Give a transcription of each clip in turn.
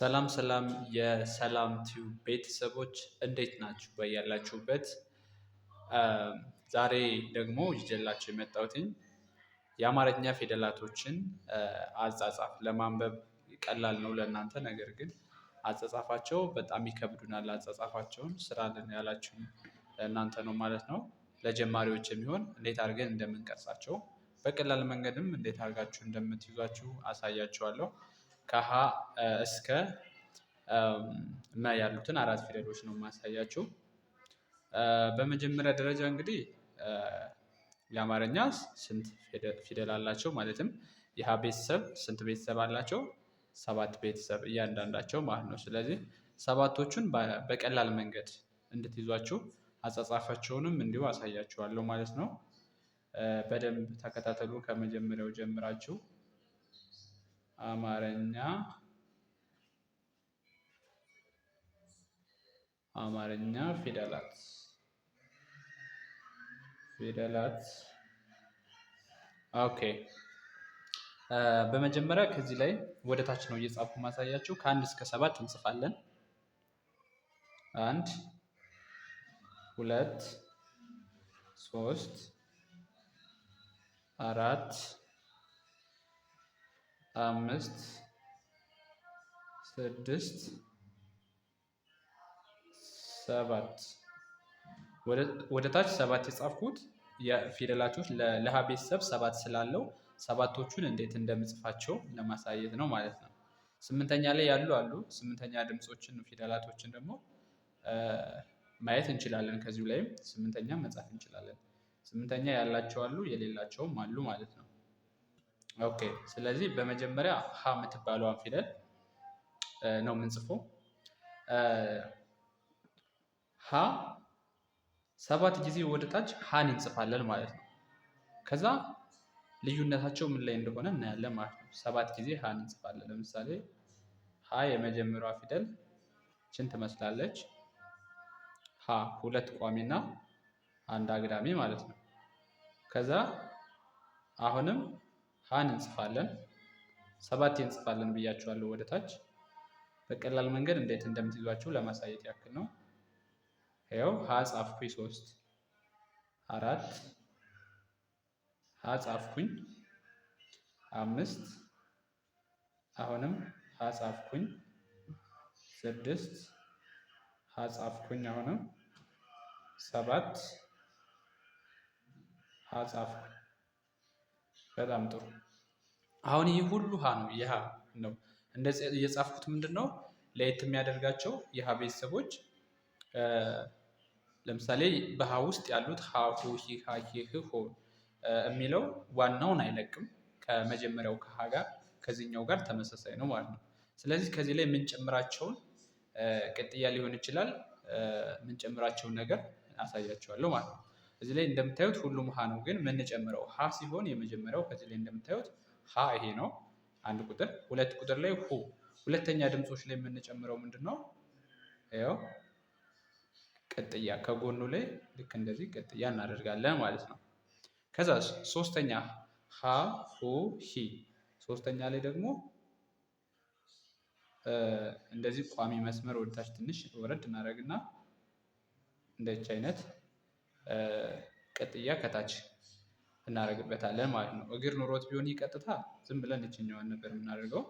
ሰላም ሰላም የሰላም ቲዩብ ቤተሰቦች እንዴት ናችሁ? በያላችሁበት። ዛሬ ደግሞ ይዤላችሁ የመጣሁትኝ የአማርኛ ፊደላቶችን አጻጻፍ ለማንበብ ቀላል ነው ለእናንተ። ነገር ግን አጻጻፋቸው በጣም ይከብዱናል። አጻጻፋቸውን ስራልን ያላችሁ ለእናንተ ነው ማለት ነው። ለጀማሪዎች የሚሆን እንዴት አድርገን እንደምንቀርጻቸው በቀላል መንገድም እንዴት አድርጋችሁ እንደምትይዟችሁ አሳያችኋለሁ። ከሀ እስከ መ ያሉትን አራት ፊደሎች ነው የማሳያችሁ። በመጀመሪያ ደረጃ እንግዲህ የአማርኛ ስንት ፊደል አላቸው? ማለትም የሀ ቤተሰብ ስንት ቤተሰብ አላቸው? ሰባት ቤተሰብ እያንዳንዳቸው ማለት ነው። ስለዚህ ሰባቶቹን በቀላል መንገድ እንድትይዟችሁ አጻጻፋቸውንም እንዲሁ አሳያችኋለሁ ማለት ነው። በደንብ ተከታተሉ ከመጀመሪያው ጀምራችሁ አማርኛ አማርኛ ፊደላት ፊደላት ኦኬ። በመጀመሪያ ከዚህ ላይ ወደ ታች ነው እየጻፉ ማሳያችሁ። ከአንድ እስከ ሰባት እንጽፋለን። አንድ፣ ሁለት፣ ሶስት፣ አራት አምስት ስድስት ሰባት ወደ ታች ሰባት የጻፍኩት የፊደላቶች ለሀ ቤተሰብ ሰባት ስላለው ሰባቶቹን እንዴት እንደምጽፋቸው ለማሳየት ነው ማለት ነው። ስምንተኛ ላይ ያሉ አሉ። ስምንተኛ ድምፆችን ፊደላቶችን ደግሞ ማየት እንችላለን። ከዚሁ ላይም ስምንተኛ መጻፍ እንችላለን። ስምንተኛ ያላቸው አሉ፣ የሌላቸውም አሉ ማለት ነው። ኦኬ ስለዚህ በመጀመሪያ ሀ የምትባለዋን ፊደል ነው የምንጽፈው። ሀ ሰባት ጊዜ ወደ ታች ሀን እንጽፋለን ማለት ነው። ከዛ ልዩነታቸው ምን ላይ እንደሆነ እናያለን ማለት ነው። ሰባት ጊዜ ሀን እንጽፋለን። ለምሳሌ ሀ የመጀመሪያ ፊደል ችን ትመስላለች። ሀ ሁለት ቋሚና አንድ አግዳሚ ማለት ነው። ከዛ አሁንም ሀን እንጽፋለን። ሰባቴ እንጽፋለን ብያችኋለሁ ወደ ታች። በቀላል መንገድ እንዴት እንደምትይዟቸው ለማሳየት ያክል ነው። ያው ሀ ጻፍኩኝ ሶስት አራት ሀ ጻፍኩኝ አምስት አሁንም ሀ ጻፍኩኝ ስድስት ሀ ጻፍኩኝ አሁንም ሰባት ሀ ጻፍኩኝ በጣም ጥሩ። አሁን ይህ ሁሉ ሀ ነው የሀ ነው እንደዚህ እየጻፍኩት ምንድን ነው ለየት የሚያደርጋቸው የሀ ቤተሰቦች ለምሳሌ በሀ ውስጥ ያሉት ሀ ሁ ሂ ሂ ህ ሆ የሚለው ዋናውን አይለቅም ከመጀመሪያው ከሀ ጋር ከዚህኛው ጋር ተመሳሳይ ነው ማለት ነው። ስለዚህ ከዚህ ላይ የምንጨምራቸውን ቅጥያ ሊሆን ይችላል የምንጨምራቸውን ነገር አሳያቸዋለሁ ማለት ነው። እዚህ ላይ እንደምታዩት ሁሉም ሀ ነው፣ ግን የምንጨምረው ሀ ሲሆን የመጀመሪያው ከዚህ ላይ እንደምታዩት ሀ ይሄ ነው አንድ ቁጥር። ሁለት ቁጥር ላይ ሁ። ሁለተኛ ድምፆች ላይ የምንጨምረው ምንድን ነው? ያው ቅጥያ ከጎኑ ላይ ልክ እንደዚህ ቅጥያ እናደርጋለን ማለት ነው። ከዛ ሶስተኛ ሀ ሁ ሂ። ሶስተኛ ላይ ደግሞ እንደዚህ ቋሚ መስመር ወደታች ትንሽ ወረድ እናደርግና እንደች አይነት ቅጥያ ከታች እናደርግበታለን ማለት ነው። እግር ኑሮት ቢሆን ቀጥታ ዝም ብለን እችኛዋን ነበር የምናደርገው።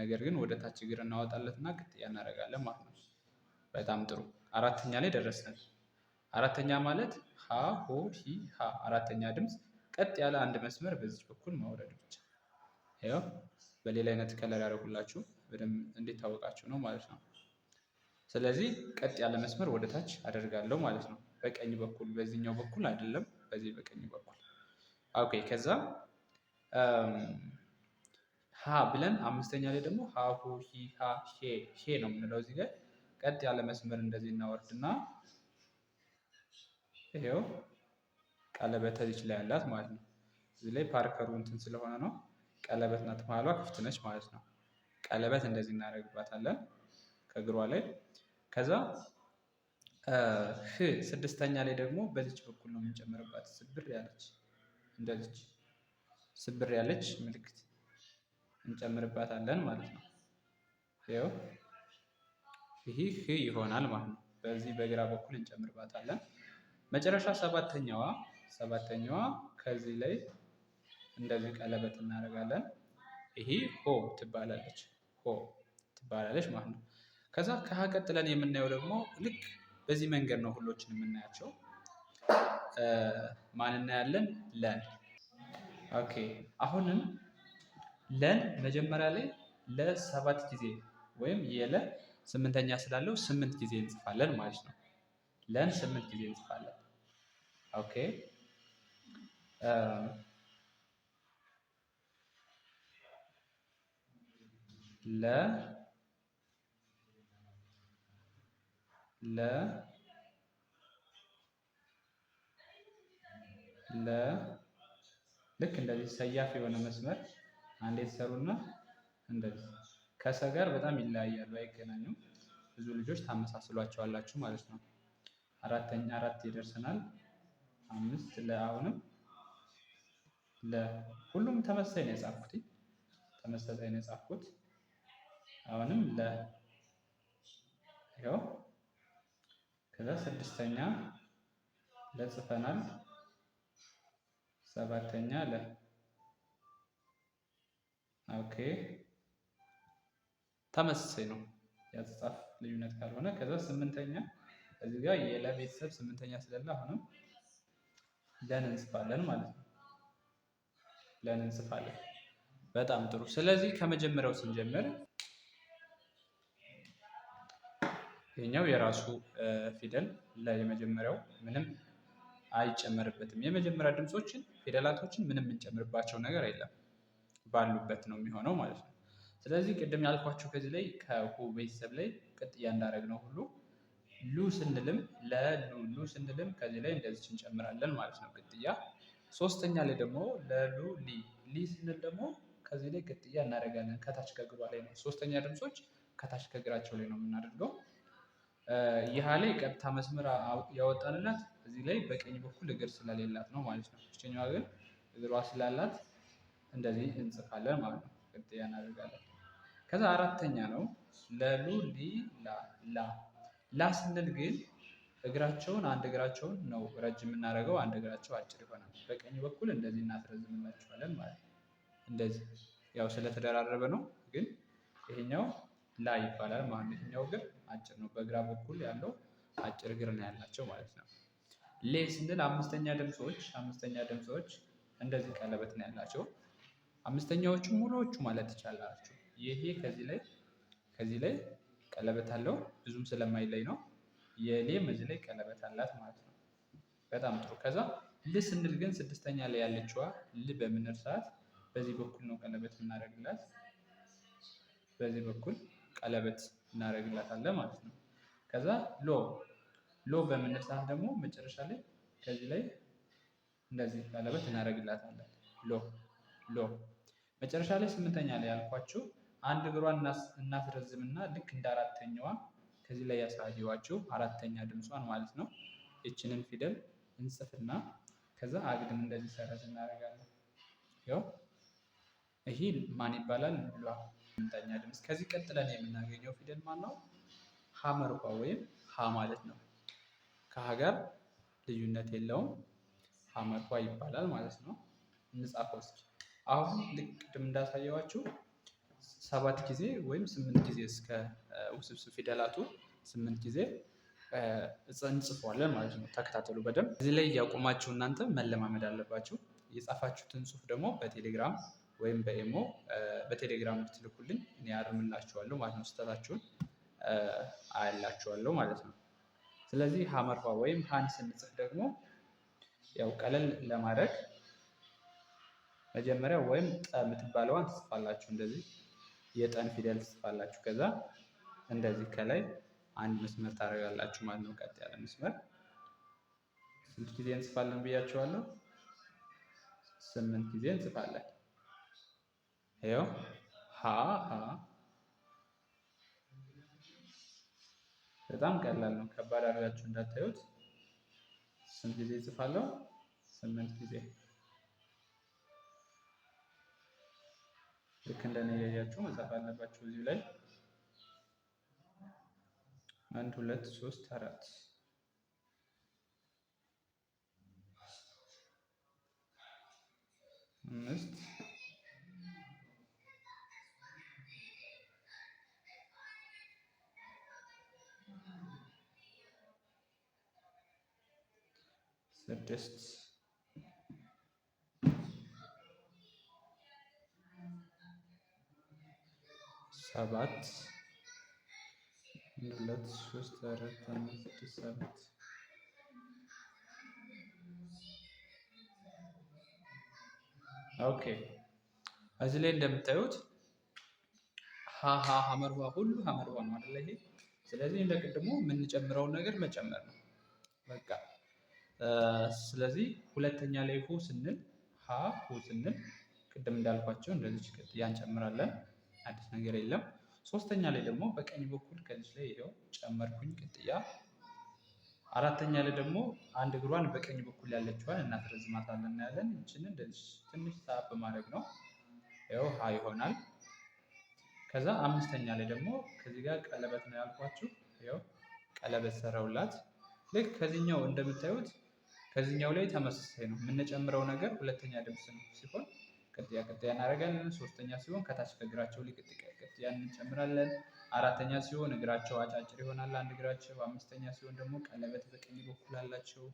ነገር ግን ወደ ታች እግር እናወጣለትና ቅጥያ እናደርጋለን ማለት ነው። በጣም ጥሩ አራተኛ ላይ ደረስን። አራተኛ ማለት ሀ ሆ ሂ ሀ አራተኛ ድምፅ ቀጥ ያለ አንድ መስመር በዚህ በኩል ማውረድ ብቻ። ያው በሌላ አይነት ከለር ያደረጉላችሁ በደንብ እንዲታወቃችሁ ነው ማለት ነው። ስለዚህ ቀጥ ያለ መስመር ወደ ታች አደርጋለሁ ማለት ነው። በቀኝ በኩል በዚህኛው በኩል አይደለም፣ በዚህ በቀኝ በኩል ኦኬ። ከዛ ሀ ብለን አምስተኛ ላይ ደግሞ ሀ ሁ ሂ ሃ ሄ ሄ ነው የምንለው እዚህ ላይ ቀጥ ያለ መስመር እንደዚህ እናወርድና ይሄው ቀለበት እዚች ላይ ያላት ማለት ነው። እዚህ ላይ ፓርከሩ እንትን ስለሆነ ነው ቀለበት ናት፣ መሀሏ ክፍት ነች ማለት ነው። ቀለበት እንደዚህ እናደርግባታለን ከእግሯ ላይ ከዛ ህ ስድስተኛ ላይ ደግሞ በዚች በኩል ነው የምንጨምርባት። ስብር ያለች ልጅ ስብር ያለች ምልክት እንጨምርባታለን ማለት ነው። ይኸው ይህ ህ ይሆናል ማለት ነው። በዚህ በግራ በኩል እንጨምርባታለን። መጨረሻ ሰባተኛዋ ሰባተኛዋ ከዚህ ላይ እንደዚህ ቀለበት እናደርጋለን። ይሄ ሆ ትባላለች ሆ ትባላለች ማለት ነው። ከዛ ከሀ ቀጥለን የምናየው ደግሞ ልክ በዚህ መንገድ ነው ሁሎችን የምናያቸው። ማን እናያለን? ለን። ኦኬ አሁንም ለን መጀመሪያ ላይ ለሰባት ጊዜ ወይም የለ ስምንተኛ ስላለው ስምንት ጊዜ እንጽፋለን ማለት ነው። ለን ስምንት ጊዜ እንጽፋለን። ኦኬ ለ ለ ለ ልክ እንደዚህ ሰያፍ የሆነ መስመር አንዴ የተሰሩና እንደዚህ ከሰ ጋር በጣም ይለያያሉ፣ አይገናኙም። ብዙ ልጆች ታመሳስሏቸዋላችሁ ማለት ነው። አራተኛ አራት ይደርሰናል። አምስት ለአሁንም ለሁሉም ተመሳሳይ ነው የጻፍኩት፣ ተመሳሳይ ነው የጻፍኩት። አሁንም ለ ይኸው ከዛ ስድስተኛ ለጽፈናል። ሰባተኛ ለ ኦኬ ተመሳሳይ ነው ያጻጻፍ ልዩነት ካልሆነ። ከዛ ስምንተኛ እዚህ ጋር የለ ቤተሰብ ስምንተኛ ስለላ አሁንም ለን እንጽፋለን ማለት ነው። ለን እንጽፋለን። በጣም ጥሩ። ስለዚህ ከመጀመሪያው ስንጀምር ይሄኛው የራሱ ፊደል ለየመጀመሪያው ምንም አይጨመርበትም። የመጀመሪያ ድምፆችን ፊደላቶችን ምንም የምንጨምርባቸው ነገር የለም ባሉበት ነው የሚሆነው ማለት ነው። ስለዚህ ቅድም ያልኳቸው ከዚህ ላይ ከሁ ቤተሰብ ላይ ቅጥያ እንዳደረግነው ሁሉ ሉ ስንልም ለሉ ሉ ስንልም ከዚህ ላይ እንደዚች እንጨምራለን ማለት ነው ቅጥያ። ሶስተኛ ላይ ደግሞ ለሉ ሊ ሊ ስንል ደግሞ ከዚህ ላይ ቅጥያ እናደርጋለን። ከታች ከግሯ ላይ ነው። ሶስተኛ ድምፆች ከታች ከግራቸው ላይ ነው የምናደርገው። ይህ ላይ ቀጥታ መስመር ያወጣንላት እዚህ ላይ በቀኝ በኩል እግር ስለሌላት ነው ማለት ነው። ሶስተኛዋ ግን እግሯ ስላላት እንደዚህ እንጽፋለን ማለት ነው። ቅጥያ እናደርጋለን። ከዛ አራተኛ ነው ለሉ ሊ ላ ላ ላ ስንል ግን እግራቸውን አንድ እግራቸውን ነው ረጅም የምናደርገው አንድ እግራቸው አጭር ይሆናል። በቀኝ በኩል እንደዚህ እናስረዝምላቸዋለን ማለት ነው። እንደዚህ ያው ስለተደራረበ ነው፣ ግን ይሄኛው ላ ይባላል ማለት ነው። ይሄኛው እግር አጭር ነው። በግራ በኩል ያለው አጭር እግር ነው ያላቸው ማለት ነው። ሌ ስንል አምስተኛ ድምፆች፣ አምስተኛ ድምፆች እንደዚህ ቀለበት ነው ያላቸው። አምስተኛዎቹ ሙሉዎቹ ማለት ይቻላላችሁ። ይሄ ከዚህ ላይ ከዚህ ላይ ቀለበት አለው ብዙም ስለማይለይ ነው። የሌም እዚህ ላይ ቀለበት አላት ማለት ነው። በጣም ጥሩ። ከዛ ል ስንል ግን ስድስተኛ ላይ ያለችዋ ል በምንር ሰዓት በዚህ በኩል ነው ቀለበት የምናደርግላት። በዚህ በኩል ቀለበት እናደርግላታለን ማለት ነው። ከዛ ሎ ሎ በምንል ሰዓት ደግሞ መጨረሻ ላይ ከዚህ ላይ እንደዚህ ቀለበት እናደርግላታለን። ሎ ሎ መጨረሻ ላይ ስምንተኛ ላይ ያልኳችሁ አንድ እግሯን እናስረዝምና ልክ እንደ አራተኛዋ ከዚህ ላይ ያሳየዋችሁ አራተኛ ድምጿን ማለት ነው። ይችንን ፊደል እንጽፍና ከዛ አግድም እንደዚህ ሰረዝ እናደርጋለን። ይኸው ይህ ማን ይባላል? ሏ የምንተኛ ድምፅ። ከዚህ ቀጥለን የምናገኘው ፊደል ማን ነው? ሀመርኳ ወይም ሀ ማለት ነው። ከሀገር ልዩነት የለውም። ሀመርኳ ይባላል ማለት ነው። እንጻፈው እስኪ። አሁን ልክ ቅድም እንዳሳየዋችሁ ሰባት ጊዜ ወይም ስምንት ጊዜ እስከ ውስብስብ ፊደላቱ ስምንት ጊዜ እንጽፈዋለን ማለት ነው። ተከታተሉ በደንብ እዚህ ላይ እያቆማችሁ እናንተ መለማመድ አለባችሁ። የጻፋችሁትን ጽሁፍ ደግሞ በቴሌግራም ወይም በኤሞ በቴሌግራም ብትልኩልኝ እኔ አርምላችኋለሁ ማለት ነው። ስህተታችሁን አያላችኋለሁ ማለት ነው። ስለዚህ ሀመርፋ ወይም ሀን ስንጽፍ ደግሞ ያው ቀለል ለማድረግ መጀመሪያ ወይም ጠ የምትባለዋን ትጽፋላችሁ። እንደዚህ የጠን ፊደል ትጽፋላችሁ። ከዛ እንደዚህ ከላይ አንድ መስመር ታደርጋላችሁ ማለት ነው። ቀጥ ያለ መስመር ስንት ጊዜ እንጽፋለን ብያችኋለሁ? ስምንት ጊዜ እንጽፋለን። ይኸው ሀ ሀ በጣም ቀላል ነው። ከባድ አድርጋችሁ እንዳታዩት። ስንት ጊዜ እጽፋለሁ? ስምንት ጊዜ ልክ እንደነያያችሁ መጻፍ አለባችሁ። እዚሁ ላይ አንድ ሁለት ሶስት አራት አምስት ስድስት ሰባት አንድ ሁለት ሶስት አራት አምስት ስድስት ሰባት ኦኬ እዚህ ላይ እንደምታዩት ሀሀ ሀመርዋ ሁሉ ሀመርዋ ነው አይደለ? ይሄ ስለዚህ እንደ ቅድሞ የምንጨምረውን ነገር መጨመር ነው በቃ። ስለዚህ ሁለተኛ ላይ ሁ ስንል ሀ ሁ ስንል ቅድም እንዳልኳቸው እንደዚች ቅጥያ እንጨምራለን። አዲስ ነገር የለም። ሶስተኛ ላይ ደግሞ በቀኝ በኩል ከዚች ላይ ይሄው ጨመርኩኝ ቅጥያ። አራተኛ ላይ ደግሞ አንድ እግሯን በቀኝ በኩል ያለችዋን እናትረዝማታለን እናያለን። ይችን እንደዚህ ትንሽ ሳብ በማድረግ ነው ይኸው ሀ ይሆናል። ከዛ አምስተኛ ላይ ደግሞ ከዚህ ጋር ቀለበት ነው ያልኳችሁ። ይኸው ቀለበት ሰራውላት ልክ ከዚህኛው እንደምታዩት ከዚህኛው ላይ ተመሳሳይ ነው። የምንጨምረው ነገር ሁለተኛ ድምፅ ነው ሲሆን ቅጥያ ቅጥያ እናደርጋለን። ሶስተኛ ሲሆን ከታች ከእግራቸው ላይ ቅጥያ ቅጥያ እንጨምራለን። አራተኛ ሲሆን እግራቸው አጫጭር ይሆናል፣ አንድ እግራቸው። አምስተኛ ሲሆን ደግሞ ቀለበት በቀኝ በኩል አላቸው።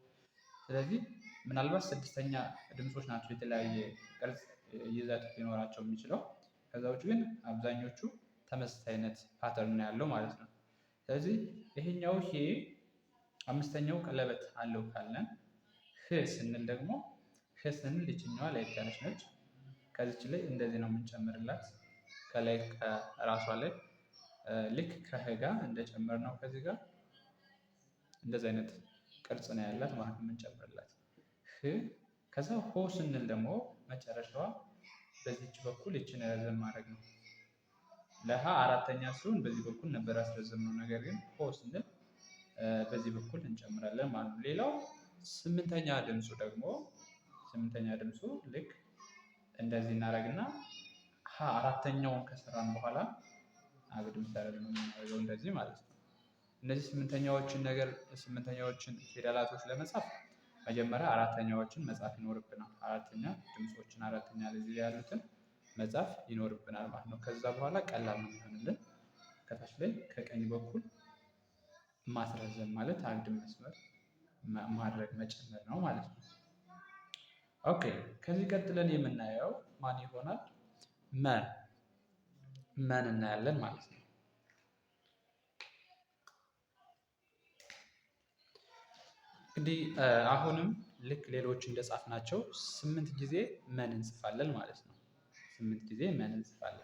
ስለዚህ ምናልባት ስድስተኛ ድምፆች ናቸው የተለያየ ቅርጽ ይዘት ሊኖራቸው የሚችለው። ከዛ ውጭ ግን አብዛኞቹ ተመሳሳይነት ፓተርን ያለው ማለት ነው። ስለዚህ ይሄኛው ሄ አምስተኛው ቀለበት አለው ካለን ህ ስንል ደግሞ ህ ስንል ይችኛዋ ላይ ያለች ነች። ከዚች ላይ እንደዚህ ነው የምንጨምርላት ከላይ ከራሷ ላይ ልክ ከህ ጋር እንደጨመር ነው ከዚህ ጋር እንደዚህ አይነት ቅርጽ ነው ያላት ማለት የምንጨምርላት ህ ከዛ ሆ ስንል ደግሞ መጨረሻዋ በዚች በኩል ይችን ረዘም ማድረግ ነው። ለሀ አራተኛ ሲሆን በዚህ በኩል ነበር ያስረዘም ነው። ነገር ግን ሆ ስንል በዚህ በኩል እንጨምራለን ማለት ነው። ሌላው ስምንተኛ ድምፁ ደግሞ ስምንተኛ ድምፁ ልክ እንደዚህ እናደርግና ሀ አራተኛውን ከሰራን በኋላ አግድም ያደረግ ነው የምናደርገው እንደዚህ ማለት ነው። እነዚህ ስምንተኛዎችን ነገር ስምንተኛዎችን ፊደላቶች ለመጻፍ መጀመሪያ አራተኛዎችን መጻፍ ይኖርብናል። አራተኛ ድምፆችን አራተኛ ላይ ያሉትን መጻፍ ይኖርብናል ማለት ነው። ከዛ በኋላ ቀላል ነው የሚሆንልን። ከታች ላይ ከቀኝ በኩል ማስረዘም ማለት አግድም መስመር ማድረግ መጨመር ነው ማለት ነው። ኦኬ ከዚህ ቀጥለን የምናየው ማን ይሆናል? መ መን እናያለን ማለት ነው። እንግዲህ አሁንም ልክ ሌሎች እንደጻፍናቸው ስምንት ጊዜ መን እንጽፋለን ማለት ነው። ስምንት ጊዜ መን እንጽፋለን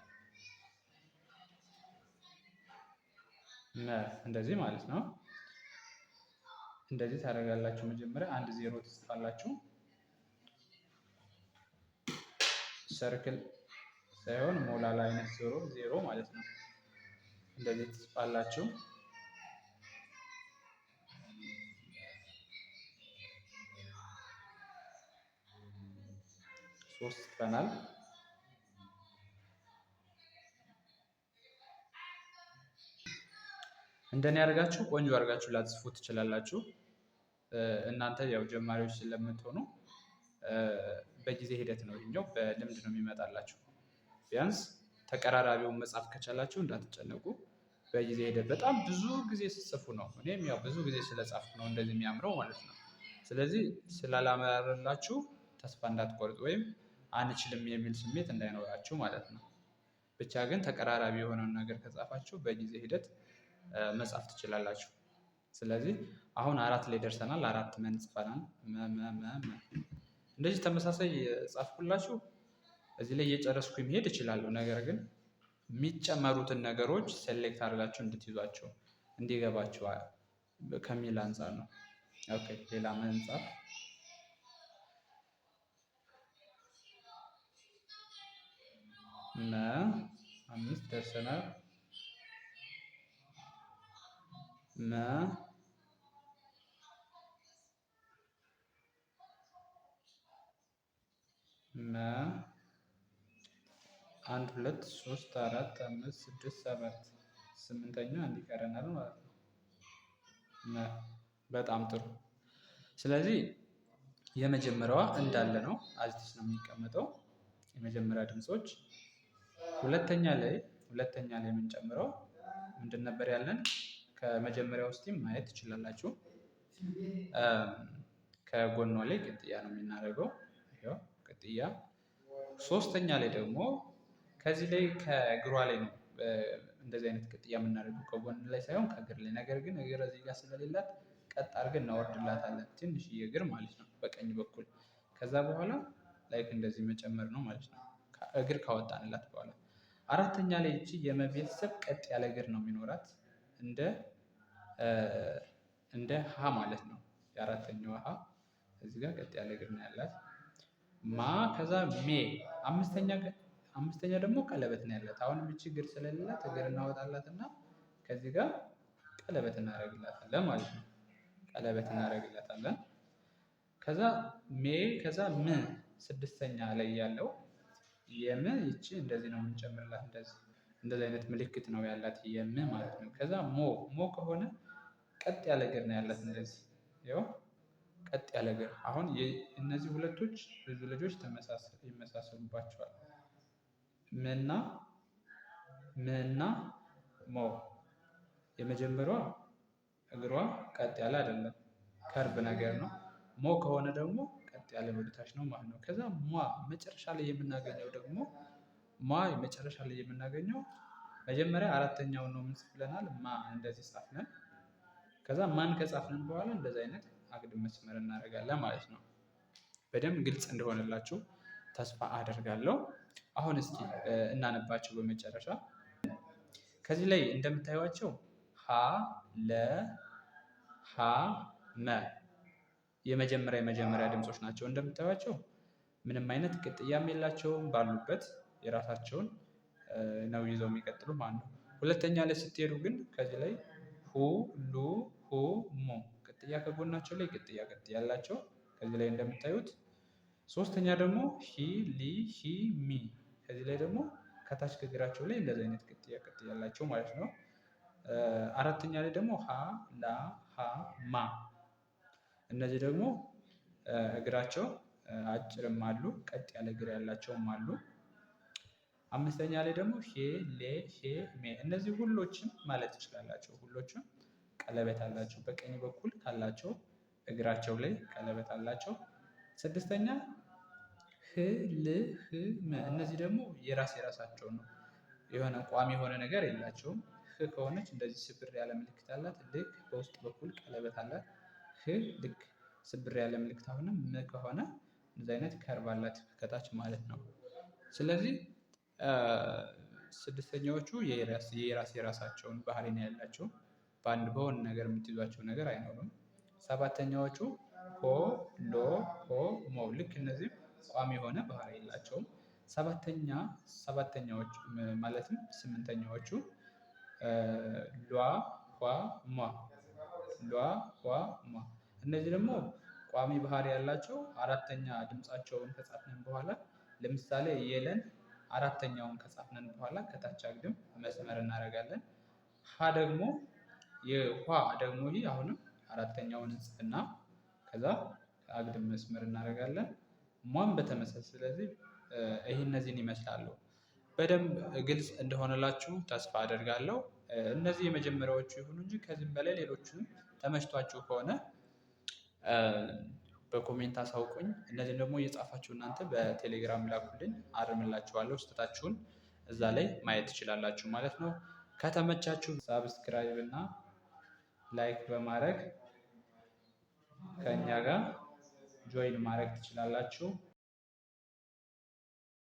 መ እንደዚህ ማለት ነው። እንደዚህ ታደርጋላችሁ። መጀመሪያ አንድ ዜሮ ትጽፋላችሁ። ሰርክል ሳይሆን ሞላላ አይነት ዜሮ ዜሮ ማለት ነው። እንደዚህ ትጽፋላችሁ። ሶስት ቀናል። እንደኔ አድርጋችሁ ቆንጆ አድርጋችሁ ላትጽፉ ትችላላችሁ። እናንተ ያው ጀማሪዎች ስለምትሆኑ በጊዜ ሂደት ነው ይሄኛው በልምድ ነው የሚመጣላችሁ። ቢያንስ ተቀራራቢውን መጻፍ ከቻላችሁ እንዳትጨነቁ፣ በጊዜ ሂደት በጣም ብዙ ጊዜ ስጽፉ ነው። እኔም ያው ብዙ ጊዜ ስለጻፍኩ ነው እንደዚህ የሚያምረው ማለት ነው። ስለዚህ ስላላመራላችሁ ተስፋ እንዳትቆርጥ ወይም አንችልም የሚል ስሜት እንዳይኖራችሁ ማለት ነው። ብቻ ግን ተቀራራቢ የሆነውን ነገር ከጻፋችሁ በጊዜ ሂደት መጻፍ ትችላላችሁ። ስለዚህ አሁን አራት ላይ ደርሰናል። አራት መን ጽፈናል። እንደዚህ ተመሳሳይ ጻፍኩላችሁ። እዚህ ላይ እየጨረስኩ መሄድ እችላለሁ። ነገር ግን የሚጨመሩትን ነገሮች ሴሌክት አድርጋችሁ እንድትይዟቸው እንዲገባችሁ ከሚል አንጻር ነው። ኦኬ ሌላ መንጻፍ መ አምስት ደርሰናል። መ መ አንድ ሁለት ሶስት አራት አምስት ስድስት ሰባት ስምንተኛው አንድ ይቀረናል ማለት ነው። መ በጣም ጥሩ። ስለዚህ የመጀመሪያዋ እንዳለ ነው አዲስ ነው የሚቀመጠው የመጀመሪያ ድምፆች። ሁለተኛ ላይ ሁለተኛ ላይ የምንጨምረው ምንድን ነበር ያለን? ከመጀመሪያ ውስጥም ማየት ትችላላችሁ። ከጎኗ ላይ ቅጥያ ነው የምናደርገው። ጥያ ሶስተኛ ላይ ደግሞ ከዚህ ላይ ከእግሯ ላይ ነው እንደዚህ አይነት ቅጥያ የምናደርገው ከጎን ላይ ሳይሆን ከእግር ላይ። ነገር ግን እግር እዚህ ጋር ስለሌላት ቀጥ አድርገን እናወርድላታለን፣ ትንሽ እግር ማለት ነው በቀኝ በኩል። ከዛ በኋላ ላይክ እንደዚህ መጨመር ነው ማለት ነው እግር ካወጣንላት በኋላ። አራተኛ ላይ እቺ የመቤተሰብ ቀጥ ያለ እግር ነው የሚኖራት እንደ እንደ ሀ ማለት ነው። የአራተኛው ሀ እዚህ ጋር ቀጥ ያለ እግር ነው ያላት። ማ ከዛ ሜ አምስተኛ ደግሞ ቀለበት ነው ያላት። አሁንም እቺ እግር ስለሌላት እግር እናወጣላት እና ከዚህ ጋር ቀለበት እናደርግላታለን ማለት ነው። ቀለበት እናደርግላታለን። ከዛ ሜ ከዛ ም ስድስተኛ ላይ ያለው የም ይቺ እንደዚህ ነው የምንጨምርላት። እንደዚህ እንደዚህ አይነት ምልክት ነው ያላት የም ማለት ነው። ከዛ ሞ ሞ ከሆነ ቀጥ ያለ እግር ነው ያላት እንደዚህ ይኸው ቀጥ ያለ እግር። አሁን እነዚህ ሁለቶች ብዙ ልጆች ይመሳሰሉባቸዋል። ምና ምና ሞ የመጀመሪያዋ እግሯ ቀጥ ያለ አይደለም፣ ከርብ ነገር ነው። ሞ ከሆነ ደግሞ ቀጥ ያለ ወደታች ነው ማለት ነው። ከዛ ሟ መጨረሻ ላይ የምናገኘው ደግሞ ሟ መጨረሻ ላይ የምናገኘው መጀመሪያ አራተኛውን ነው ምን ጽፍለናል? ማ እንደዚህ ጻፍነን። ከዛ ማን ከጻፍነን በኋላ እንደዚህ አይነት አግድም መስመር እናደርጋለን ማለት ነው። በደንብ ግልጽ እንደሆነላችሁ ተስፋ አደርጋለሁ። አሁን እስኪ እናነባቸው በመጨረሻ ከዚህ ላይ እንደምታዩቸው ሀ ለ ሀ መ የመጀመሪያ የመጀመሪያ ድምፆች ናቸው። እንደምታዩቸው ምንም አይነት ቅጥያም የላቸውም። ባሉበት የራሳቸውን ነው ይዘው የሚቀጥሉ ማለት ነው። ሁለተኛ ላይ ስትሄዱ ግን ከዚህ ላይ ሁ ሉ ሁ ሙ ቅጥያ ከጎናቸው ላይ ቅጥያ ቅጥያ ያላቸው ከዚህ ላይ እንደምታዩት። ሶስተኛ ደግሞ ሂ ሊ ሂ ሚ ከዚህ ላይ ደግሞ ከታች ከእግራቸው ላይ እንደዚህ አይነት ቅጥያ ቅጥያ ያላቸው ማለት ነው። አራተኛ ላይ ደግሞ ሀ ላ ሀ ማ እነዚህ ደግሞ እግራቸው አጭርም አሉ ቀጥ ያለ እግር ያላቸውም አሉ። አምስተኛ ላይ ደግሞ ሄ ሌ ሄ ሜ እነዚህ ሁሎችም ማለት ትችላላቸው ሁሎችም ቀለበት አላቸው። በቀኝ በኩል ካላቸው እግራቸው ላይ ቀለበት አላቸው። ስድስተኛ ህልህመ። እነዚህ ደግሞ የራስ የራሳቸው ነው። የሆነ ቋሚ የሆነ ነገር የላቸውም። ህ ከሆነች እንደዚህ ስብር ያለ ምልክት አላት። ልክ በውስጥ በኩል ቀለበት አላት። ህ ልክ ስብር ያለ ምልክት አሁንም ም ከሆነ እንደዚህ አይነት ከርብ አላት ከታች ማለት ነው። ስለዚህ ስድስተኛዎቹ የራስ የራሳቸውን ባህሪ ነው ያላቸው። በአንድ በሆን ነገር የምትይዟቸው ነገር አይኖርም። ሰባተኛዎቹ ሆ፣ ሎ፣ ሆ፣ ሞ ልክ እነዚህም ቋሚ የሆነ ባህሪ የላቸውም። ሰባተኛ ሰባተኛዎቹ ማለትም ስምንተኛዎቹ ሏ፣ ኋ፣ ሟ ሏ፣ ኋ፣ ሟ እነዚህ ደግሞ ቋሚ ባህሪ ያላቸው አራተኛ ድምፃቸውን ከጻፍነን በኋላ ለምሳሌ የለን አራተኛውን ከጻፍነን በኋላ ከታች አግድም መስመር እናደርጋለን። ሀ ደግሞ የውሃ ደግሞ ይህ አሁንም አራተኛውን እና ከዛ አግድም መስመር እናደርጋለን። ሟን በተመሳሳይ ስለዚህ ይህ እነዚህን ይመስላሉ። በደንብ ግልጽ እንደሆነላችሁ ተስፋ አደርጋለሁ። እነዚህ የመጀመሪያዎቹ ይሁኑ እንጂ ከዚህም በላይ ሌሎቹንም ተመችቷችሁ ከሆነ በኮሜንት አሳውቁኝ። እነዚህም ደግሞ እየጻፋችሁ እናንተ በቴሌግራም ላኩልኝ፣ አርምላችኋለሁ። ስህተታችሁን እዛ ላይ ማየት ትችላላችሁ ማለት ነው። ከተመቻችሁ ሳብስክራይብ እና ላይክ በማድረግ ከእኛ ጋር ጆይን ማድረግ ትችላላችሁ።